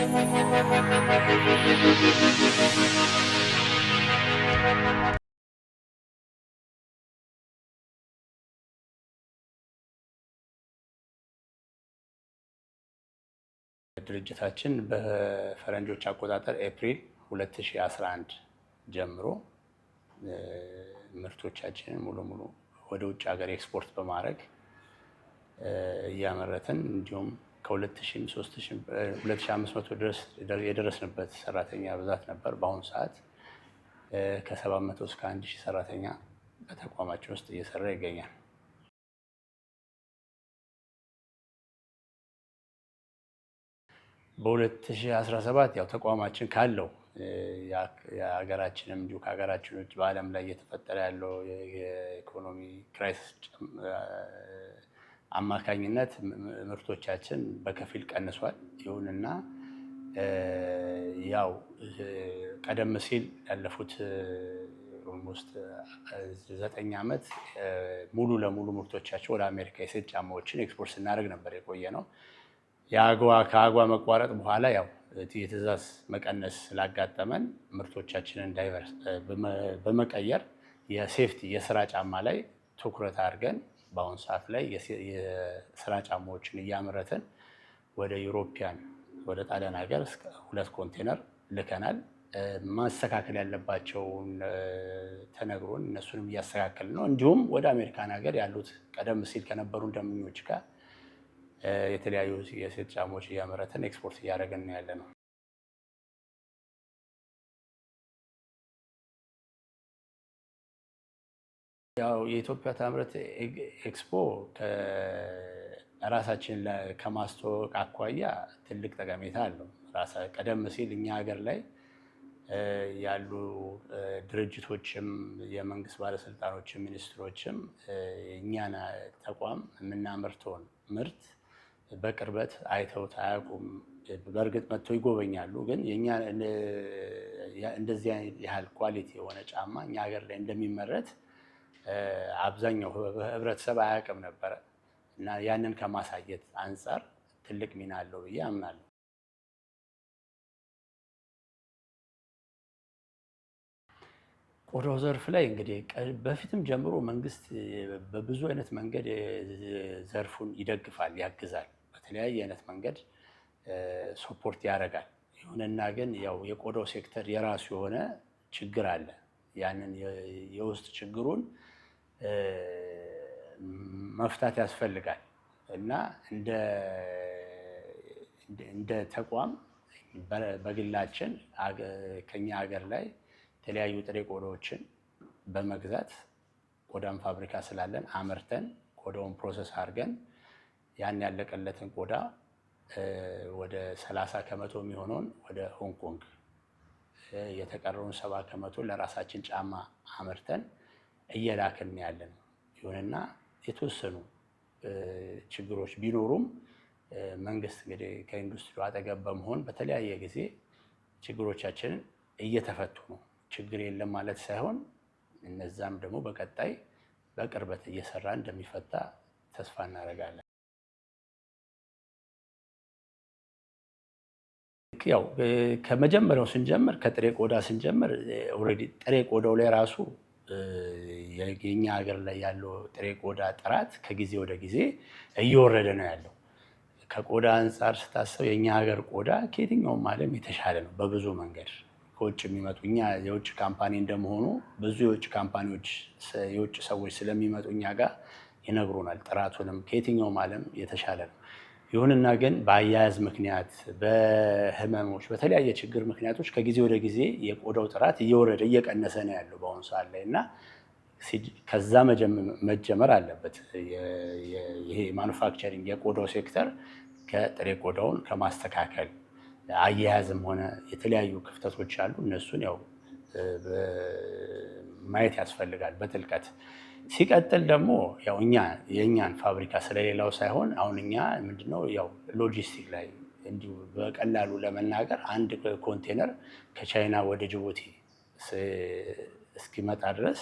ድርጅታችን በፈረንጆች አቆጣጠር ኤፕሪል 2011 ጀምሮ ምርቶቻችንን ሙሉ ሙሉ ወደ ውጭ ሀገር ኤክስፖርት በማድረግ እያመረትን እንዲሁም ከ2500 ድረስ የደረስንበት ሰራተኛ ብዛት ነበር። በአሁኑ ሰዓት ከ700 እስከ 1000 ሰራተኛ በተቋማችን ውስጥ እየሰራ ይገኛል። በ2017 ያው ተቋማችን ካለው የሀገራችንም እንዲሁ ከሀገራችን ውጭ በዓለም ላይ እየተፈጠረ ያለው የኢኮኖሚ ክራይሲስ አማካኝነት ምርቶቻችን በከፊል ቀንሷል። ይሁንና ያው ቀደም ሲል ያለፉት ኦልሞስት ዘጠኝ ዓመት ሙሉ ለሙሉ ምርቶቻቸው ወደ አሜሪካ የሴት ጫማዎችን ኤክስፖርት ስናደርግ ነበር የቆየ ነው። ከአጓ መቋረጥ በኋላ ያው የትእዛዝ መቀነስ ስላጋጠመን ምርቶቻችንን ዳይቨርስ በመቀየር የሴፍቲ የስራ ጫማ ላይ ትኩረት አድርገን በአሁኑ ሰዓት ላይ የስራ ጫማዎችን እያመረትን ወደ ዩሮፒያን ወደ ጣሊያን ሀገር ሁለት ኮንቴነር ልከናል። ማስተካከል ያለባቸውን ተነግሮን እነሱንም እያስተካከል ነው። እንዲሁም ወደ አሜሪካን ሀገር ያሉት ቀደም ሲል ከነበሩ ደንበኞች ጋር የተለያዩ የሴት ጫማዎች እያመረትን ኤክስፖርት እያደረገን ያለ ነው። ያው የኢትዮጵያ ታምርት ኤክስፖ ራሳችን ከማስተዋወቅ አኳያ ትልቅ ጠቀሜታ አለው። ቀደም ሲል እኛ ሀገር ላይ ያሉ ድርጅቶችም የመንግስት ባለስልጣኖችም ሚኒስትሮችም እኛን ተቋም የምናመርተውን ምርት በቅርበት አይተውት አያውቁም። በእርግጥ መጥተው ይጎበኛሉ፣ ግን እንደዚህ ያህል ኳሊቲ የሆነ ጫማ እኛ ሀገር ላይ እንደሚመረት አብዛኛው ህብረተሰብ አያውቅም ነበረ እና ያንን ከማሳየት አንጻር ትልቅ ሚና አለው ብዬ አምናለሁ። ቆዳ ዘርፍ ላይ እንግዲህ በፊትም ጀምሮ መንግስት በብዙ አይነት መንገድ ዘርፉን ይደግፋል፣ ያግዛል፣ በተለያየ አይነት መንገድ ሶፖርት ያደርጋል። ይሁንና ግን ያው የቆዳው ሴክተር የራሱ የሆነ ችግር አለ። ያንን የውስጥ ችግሩን መፍታት ያስፈልጋል እና እንደ ተቋም በግላችን ከኛ ሀገር ላይ የተለያዩ ጥሬ ቆዳዎችን በመግዛት ቆዳን ፋብሪካ ስላለን አምርተን ቆዳውን ፕሮሰስ አድርገን ያን ያለቀለትን ቆዳ ወደ 30 ከመቶ የሚሆነውን ወደ ሆንግ ኮንግ የተቀረውን ሰባ ከመቶ ለራሳችን ጫማ አምርተን እየላክን ያለ ነው። ይሁንና የተወሰኑ ችግሮች ቢኖሩም መንግስት እንግዲህ ከኢንዱስትሪው አጠገብ በመሆን በተለያየ ጊዜ ችግሮቻችንን እየተፈቱ ነው። ችግር የለም ማለት ሳይሆን እነዛም ደግሞ በቀጣይ በቅርበት እየሰራ እንደሚፈታ ተስፋ እናደርጋለን። ያው ከመጀመሪያው ስንጀምር ከጥሬ ቆዳ ስንጀምር ኦልሬዲ ጥሬ ቆዳው ላይ ራሱ የኛ ሀገር ላይ ያለው ጥሬ ቆዳ ጥራት ከጊዜ ወደ ጊዜ እየወረደ ነው ያለው። ከቆዳ አንጻር ስታሰብ የእኛ ሀገር ቆዳ ከየትኛውም ዓለም የተሻለ ነው በብዙ መንገድ። ከውጭ የሚመጡ እኛ የውጭ ካምፓኒ እንደመሆኑ ብዙ የውጭ ካምፓኒዎች የውጭ ሰዎች ስለሚመጡ እኛ ጋር ይነግሩናል። ጥራቱንም ከየትኛውም ዓለም የተሻለ ነው። ይሁንና ግን በአያያዝ ምክንያት በህመሞች በተለያየ ችግር ምክንያቶች ከጊዜ ወደ ጊዜ የቆዳው ጥራት እየወረደ እየቀነሰ ነው ያለው በአሁኑ ሰዓት ላይ እና ከዛ መጀመር አለበት። ይሄ ማኑፋክቸሪንግ የቆዳው ሴክተር ከጥሬ ቆዳውን ከማስተካከል አያያዝም ሆነ የተለያዩ ክፍተቶች አሉ። እነሱን ያው ማየት ያስፈልጋል በጥልቀት ሲቀጥል ደግሞ ያው እኛ የእኛን ፋብሪካ ስለሌላው ሳይሆን አሁን እኛ ምንድነው ያው ሎጂስቲክ ላይ እንዲሁ በቀላሉ ለመናገር አንድ ኮንቴነር ከቻይና ወደ ጅቡቲ እስኪመጣ ድረስ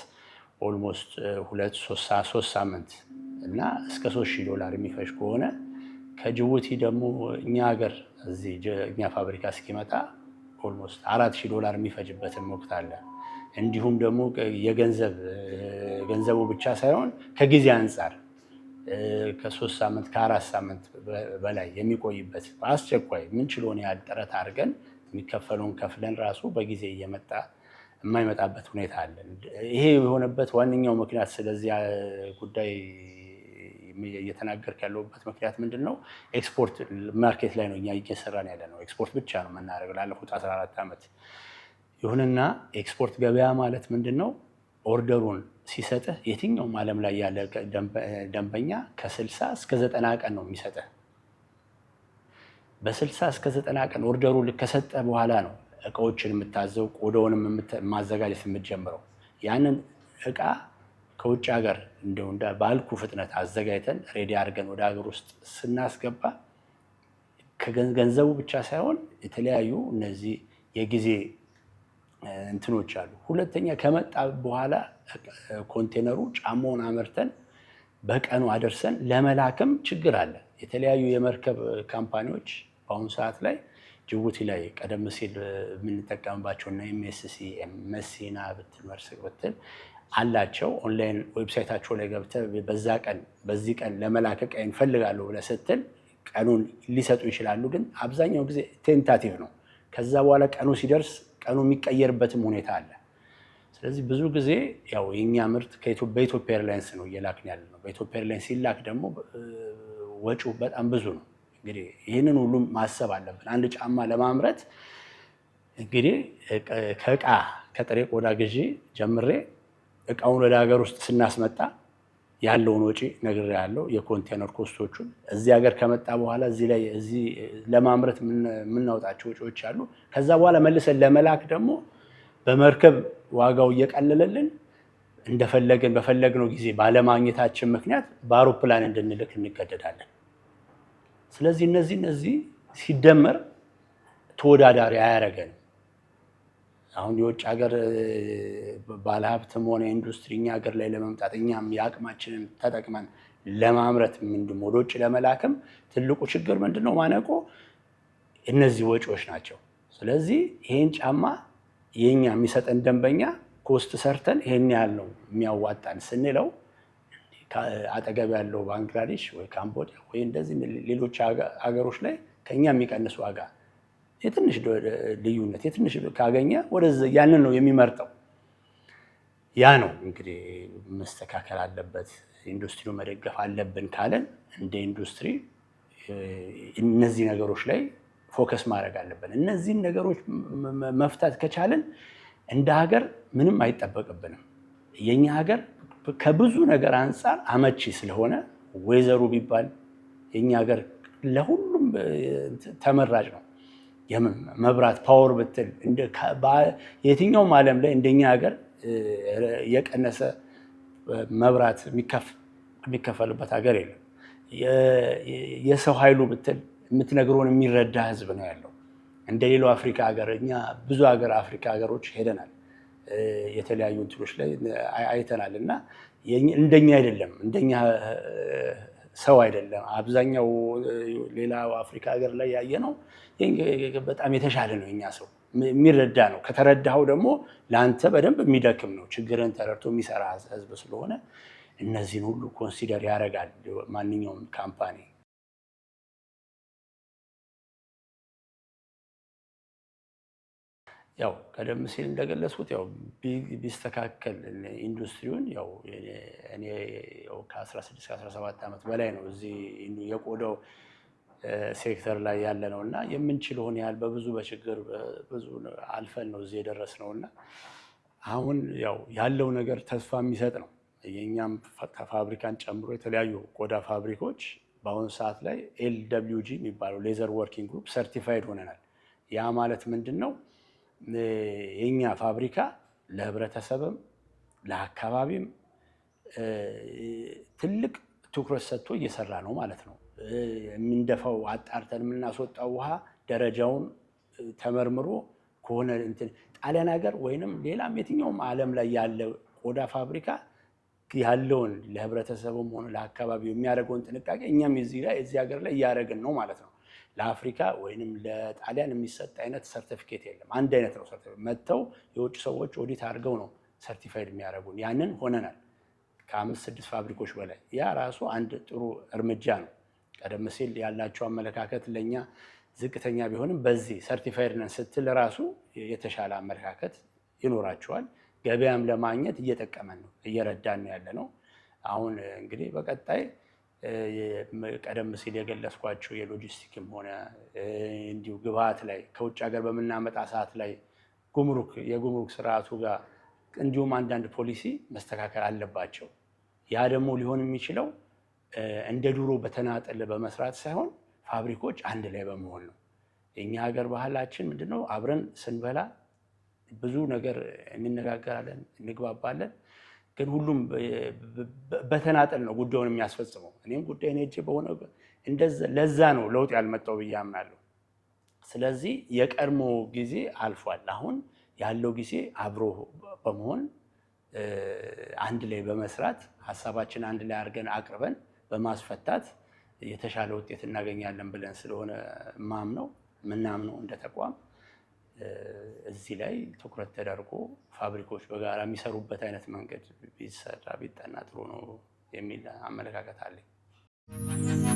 ኦልሞስት ሁለት ሶስት ሳምንት እና እስከ ሶስት ሺህ ዶላር የሚፈጅ ከሆነ ከጅቡቲ ደግሞ እኛ ሀገር እዚህ እኛ ፋብሪካ እስኪመጣ ኦልሞስት አራት ሺህ ዶላር የሚፈጅበትን ወቅት አለ። እንዲሁም ደግሞ የገንዘብ ገንዘቡ ብቻ ሳይሆን ከጊዜ አንጻር ከሶስት ሳምንት ከአራት ሳምንት በላይ የሚቆይበት አስቸኳይ የምንችለውን ያህል ጥረት አድርገን የሚከፈለውን ከፍለን ራሱ በጊዜ እየመጣ የማይመጣበት ሁኔታ አለ። ይሄ የሆነበት ዋነኛው ምክንያት ስለዚያ ጉዳይ እየተናገርክ ያለሁበት ምክንያት ምንድን ነው? ኤክስፖርት ማርኬት ላይ ነው እኛ እየሰራን ያለ ነው። ኤክስፖርት ብቻ ነው የምናደርገው ላለፉት 14 ዓመት። ይሁንና ኤክስፖርት ገበያ ማለት ምንድን ነው? ኦርደሩን ሲሰጥህ የትኛውም ዓለም ላይ ያለ ደንበኛ ከስልሳ እስከ ዘጠና ቀን ነው የሚሰጥህ። በስልሳ እስከ ዘጠና ቀን ኦርደሩ ከሰጠ በኋላ ነው እቃዎችን የምታዘው ቆዳውንም ማዘጋጀት የምትጀምረው። ያንን እቃ ከውጭ ሀገር እንደው ባልኩ ፍጥነት አዘጋጅተን ሬዲ አድርገን ወደ ሀገር ውስጥ ስናስገባ ከገንዘቡ ብቻ ሳይሆን የተለያዩ እነዚህ የጊዜ እንትኖች አሉ። ሁለተኛ ከመጣ በኋላ ኮንቴነሩ ጫማውን አመርተን በቀኑ አደርሰን ለመላክም ችግር አለ። የተለያዩ የመርከብ ካምፓኒዎች በአሁኑ ሰዓት ላይ ጅቡቲ ላይ ቀደም ሲል የምንጠቀምባቸው እና ኤምኤስሲ መሲና ብትል መርስቅ ብትል አላቸው። ኦንላይን ዌብሳይታቸው ላይ ገብተህ በዛ ቀን በዚህ ቀን ለመላክ ዕቃ ይፈልጋሉ ብለህ ስትል ቀኑን ሊሰጡ ይችላሉ። ግን አብዛኛው ጊዜ ቴንታቲቭ ነው። ከዛ በኋላ ቀኑ ሲደርስ ቀኑ የሚቀየርበትም ሁኔታ አለ። ስለዚህ ብዙ ጊዜ ያው የኛ ምርት በኢትዮጵያ ኤርላይንስ ነው እየላክን ያለ ነው። በኢትዮጵያ ኤርላይንስ ሲላክ ደግሞ ወጪው በጣም ብዙ ነው። እንግዲህ ይህንን ሁሉም ማሰብ አለብን። አንድ ጫማ ለማምረት እንግዲህ ከእቃ ከጥሬ ቆዳ ግዢ ጀምሬ እቃውን ወደ ሀገር ውስጥ ስናስመጣ ያለውን ወጪ ነግር ያለው የኮንቴነር ኮስቶቹን እዚህ ሀገር ከመጣ በኋላ እዚህ ላይ እዚህ ለማምረት የምናወጣቸው ወጪዎች አሉ። ከዛ በኋላ መልሰን ለመላክ ደግሞ በመርከብ ዋጋው እየቀለለልን እንደፈለግን በፈለግነው ጊዜ ባለማግኘታችን ምክንያት በአውሮፕላን እንድንልክ እንገደዳለን። ስለዚህ እነዚህ እነዚህ ሲደመር ተወዳዳሪ አያረገን። አሁን የውጭ ሀገር ባለሀብትም ሆነ ኢንዱስትሪ እኛ ሀገር ላይ ለመምጣት እኛም የአቅማችንን ተጠቅመን ለማምረት ምንድን ወደ ውጭ ለመላክም ትልቁ ችግር ምንድን ነው? ማነቆ እነዚህ ወጪዎች ናቸው። ስለዚህ ይህን ጫማ የኛ የሚሰጠን ደንበኛ ኮስት ሰርተን ይሄን ያህል ነው የሚያዋጣን ስንለው አጠገብ ያለው ባንግላዴሽ ወይ ካምቦዲያ ወይ እንደዚህ ሌሎች ሀገሮች ላይ ከኛ የሚቀንስ ዋጋ የትንሽ ልዩነት የትንሽ ካገኘ ወደዚያ ያንን ነው የሚመርጠው። ያ ነው እንግዲህ መስተካከል አለበት፣ ኢንዱስትሪው መደገፍ አለብን ካለን እንደ ኢንዱስትሪ እነዚህ ነገሮች ላይ ፎከስ ማድረግ አለብን። እነዚህን ነገሮች መፍታት ከቻልን እንደ ሀገር ምንም አይጠበቅብንም። የኛ ሀገር ከብዙ ነገር አንጻር አመቺ ስለሆነ ወይዘሩ ቢባል የኛ ሀገር ለሁሉም ተመራጭ ነው። መብራት ፓወር ብትል የትኛውም ዓለም ላይ እንደኛ ሀገር የቀነሰ መብራት የሚከፈልበት ሀገር የለም። የሰው ኃይሉ ብትል የምትነግሮን የሚረዳ ህዝብ ነው ያለው። እንደ ሌላው አፍሪካ ሀገር እኛ ብዙ ሀገር አፍሪካ ሀገሮች ሄደናል፣ የተለያዩ እንትኖች ላይ አይተናል። እና እንደኛ አይደለም፣ እንደኛ ሰው አይደለም። አብዛኛው ሌላ አፍሪካ ሀገር ላይ ያየ ነው በጣም የተሻለ ነው እኛ ሰው የሚረዳ ነው። ከተረዳኸው ደግሞ ለአንተ በደንብ የሚደክም ነው። ችግርን ተረድቶ የሚሰራ ህዝብ ስለሆነ እነዚህን ሁሉ ኮንሲደር ያደርጋል ማንኛውም ካምፓኒ ያው ቀደም ሲል እንደገለጽኩት ያው ቢስተካከል ኢንዱስትሪውን ያው እኔ ያው ከ16 17 ዓመት በላይ ነው እዚህ የቆዳው ሴክተር ላይ ያለ ነው እና የምንችለውን ያህል በብዙ በችግር ብዙ አልፈን ነው እዚህ የደረስ ነው እና አሁን ያው ያለው ነገር ተስፋ የሚሰጥ ነው። የእኛም ፋብሪካን ጨምሮ የተለያዩ ቆዳ ፋብሪኮች በአሁኑ ሰዓት ላይ ኤልደብሊውጂ የሚባለው ሌዘር ወርኪንግ ግሩፕ ሰርቲፋይድ ሆነናል። ያ ማለት ምንድን ነው? የኛ ፋብሪካ ለህብረተሰብም ለአካባቢም ትልቅ ትኩረት ሰጥቶ እየሰራ ነው ማለት ነው። የምንደፋው አጣርተን የምናስወጣው ውሃ ደረጃውን ተመርምሮ ከሆነ እንትን ጣሊያን ሀገር ወይንም ሌላም የትኛውም ዓለም ላይ ያለ ቆዳ ፋብሪካ ያለውን ለህብረተሰቡም ሆነ ለአካባቢው የሚያደርገውን ጥንቃቄ እኛም የዚህ ሀገር ላይ እያደረግን ነው ማለት ነው። ለአፍሪካ ወይም ለጣሊያን የሚሰጥ አይነት ሰርቲፊኬት የለም። አንድ አይነት ነው። መጥተው የውጭ ሰዎች ኦዲት አድርገው ነው ሰርቲፋይድ የሚያደርጉን። ያንን ሆነናል ከአምስት ስድስት ፋብሪኮች በላይ። ያ ራሱ አንድ ጥሩ እርምጃ ነው። ቀደም ሲል ያላቸው አመለካከት ለእኛ ዝቅተኛ ቢሆንም በዚህ ሰርቲፋይድ ነን ስትል ራሱ የተሻለ አመለካከት ይኖራቸዋል። ገበያም ለማግኘት እየጠቀመን ነው፣ እየረዳን ያለ ነው። አሁን እንግዲህ በቀጣይ ቀደም ሲል የገለጽኳቸው የሎጂስቲክም ሆነ እንዲሁ ግብት ላይ ከውጭ ሀገር በምናመጣ ሰዓት ላይ ጉምሩክ የጉምሩክ ስርዓቱ ጋር እንዲሁም አንዳንድ ፖሊሲ መስተካከል አለባቸው። ያ ደግሞ ሊሆን የሚችለው እንደ ድሮ በተናጠል በመስራት ሳይሆን ፋብሪኮች አንድ ላይ በመሆን ነው። የእኛ ሀገር ባህላችን ምንድነው? አብረን ስንበላ ብዙ ነገር እንነጋገራለን፣ እንግባባለን። ግን ሁሉም በተናጠል ነው ጉዳዩን የሚያስፈጽመው። እኔም ጉዳይን ሄጄ በሆነ ለዛ ነው ለውጥ ያልመጣው ብዬ አምናለሁ። ስለዚህ የቀድሞ ጊዜ አልፏል። አሁን ያለው ጊዜ አብሮ በመሆን አንድ ላይ በመስራት ሀሳባችን አንድ ላይ አድርገን አቅርበን በማስፈታት የተሻለ ውጤት እናገኛለን ብለን ስለሆነ ማምነው ምናምነው እንደ ተቋም እዚህ ላይ ትኩረት ተደርጎ ፋብሪኮች በጋራ የሚሰሩበት አይነት መንገድ ቢሰራ ቢጠና ጥሩ ነው የሚል አመለካከት አለኝ።